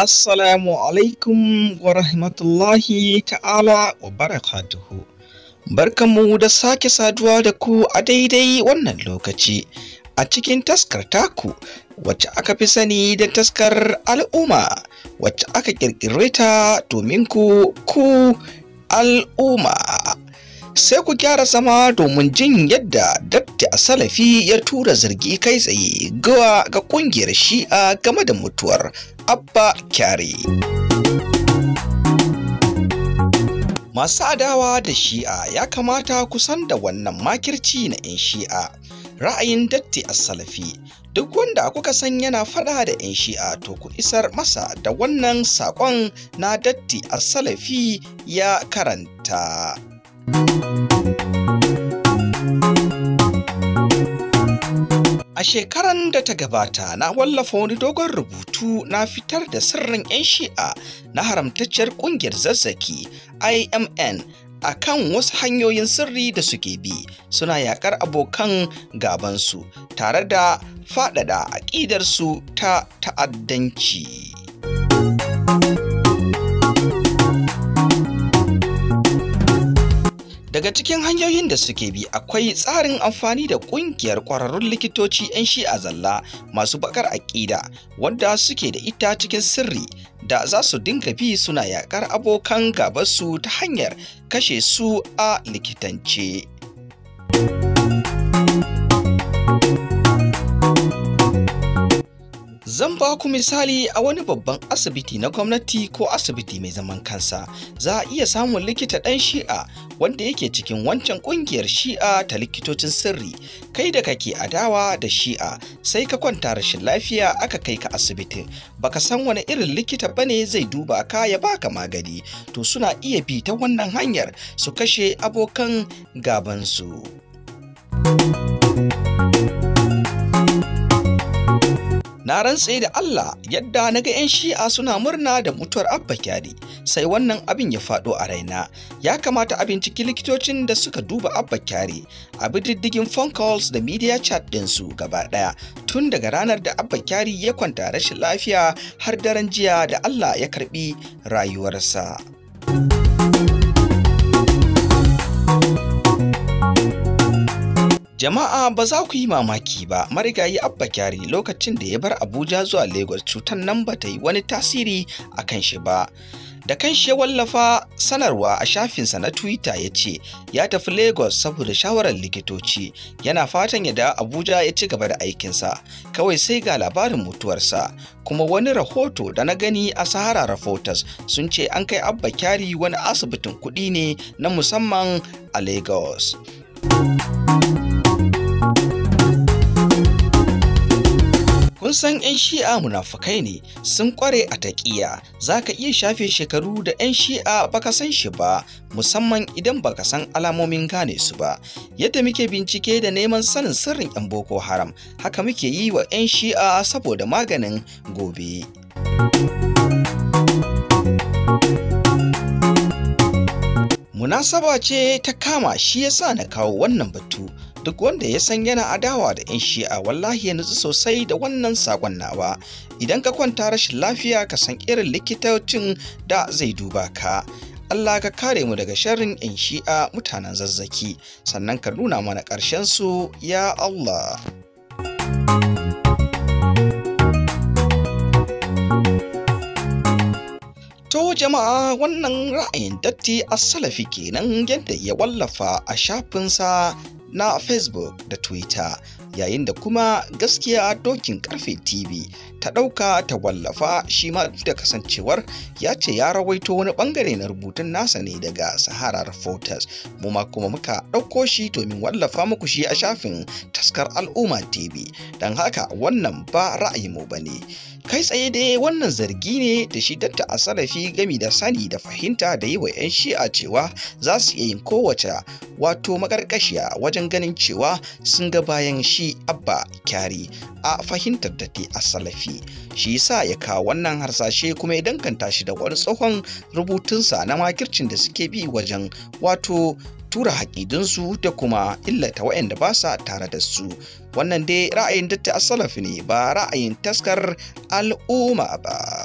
Assalamu alaikum wa rahmatullahi ta'ala wa barakatuhu. Barkanmu da sake saduwa da ku a daidai wannan lokaci a cikin taskar taku wacce aka fi sani da taskar al'umma wacce aka ƙirƙire ta domin ku ku al'umma. Sai ku gyara zama domin jin yadda Dabti a Salafi ya tura zargi kai tsaye ga kungiyar Shi'a game da mutuwar Abba Kyari. Masu adawa da shi'a ya kamata kusan da wannan makirci na 'yan shi'a. Ra'ayin datti a salafi duk wanda kuka san yana fada da 'yan shi'a to ku isar masa da wannan saƙon na datti a salafi ya karanta. A shekaran da ta gabata na wallafa wani dogon rubutu na fitar da sirrin 'yan shi'a na haramtacciyar ƙungiyar zazzaki IMN a kan wasu hanyoyin sirri da suke bi suna yakar abokan gabansu tare da faɗaɗa aƙidarsu ta ta'addanci. Daga cikin hanyoyin da suke bi akwai tsarin amfani da ƙungiyar ƙwararrun likitoci 'yan a zalla masu bakar aƙida wanda suke da ita cikin sirri da za su dinga bi suna yaƙar abokan gabasu ta hanyar kashe su a likitance. Zan ba ku misali a wani babban asibiti na gwamnati ko asibiti mai zaman kansa za a iya samun likita ɗan shi'a wanda yake cikin wancan ƙungiyar shi'a ta likitocin sirri kai da kake adawa da shi'a sai ka kwanta rashin lafiya aka kai ka asibitin baka san wani irin likita bane zai duba ka ya baka magani to suna iya bi ta wannan hanyar su kashe abokan gabansu. na rantse da Allah yadda na ga 'yan shi'a suna murna da mutuwar abba kyari sai wannan abin ya faɗo a raina ya kamata a binciki likitocin da suka duba abba kyari a diddigin phone calls da media chat ɗinsu gaba ɗaya tun daga ranar da abba kyari ya kwanta rashin lafiya har daren jiya da Allah ya karɓi rayuwarsa. Jama'a ba za ku yi mamaki ba marigayi Abba Kyari lokacin da ya bar Abuja zuwa Lagos cutar nan ba ta yi wani tasiri a kan shi ba. Da kan shi ya wallafa sanarwa a shafinsa na Twitter ya ce ya tafi Lagos saboda shawarar likitoci yana fatan ya dawo Abuja ya ci gaba da aikinsa kawai sai ga labarin mutuwarsa kuma wani rahoto da na gani a Sahara Reporters sun ce an kai Abba Kyari wani asibitin kuɗi ne na musamman a Lagos. kun san 'yan shi'a munafukai ne sun kware a taƙiya za ka iya shafe shekaru da 'yan shi'a baka san shi ba musamman idan baka san alamomin gane su ba yadda muke bincike da neman sanin sirrin 'yan boko haram haka muke yi wa 'yan shi'a saboda maganin gobe. munasaba ce ta kama shi yasa na kawo wannan batu duk wanda ya san yana adawa da 'yan shi'a wallahi ya nutsu sosai da wannan sakon nawa idan ka kwanta rashin lafiya ka san irin likitocin da zai duba ka Allah ka kare mu daga sharrin 'yan shi'a mutanen zazzaki sannan ka nuna mana ƙarshen su ya Allah. To jama'a wannan ra'ayin datti a salafi kenan yadda ya wallafa a shafinsa na facebook da twitter yayin da kuma gaskiya dokin karfe tv ta ɗauka ta wallafa shi ma da kasancewar ya ce ya rawaito wani bangare na rubutun nasa ne daga sahara reporters mu ma kuma muka ɗauko shi domin wallafa muku shi a shafin taskar al'umma tv don haka wannan ba ra'ayi mu bane kai tsaye da wannan zargi ne da shi datta a salafi gami da sani da fahimta da yi wa 'yan shi'a cewa za su iya yin kowace wato makarkashiya wajen ganin cewa sun ga bayan shi abba kyari a fahimtar da a salafi shi yasa ya kawo wannan harsashe kuma ya danganta shi da wani tsohon rubutunsa na makircin da suke bi wajen wato tura haƙidinsu da kuma illata waɗanda ba sa tare da su wannan dai ra'ayin datta asalafi ne ba ra'ayin taskar al'umma ba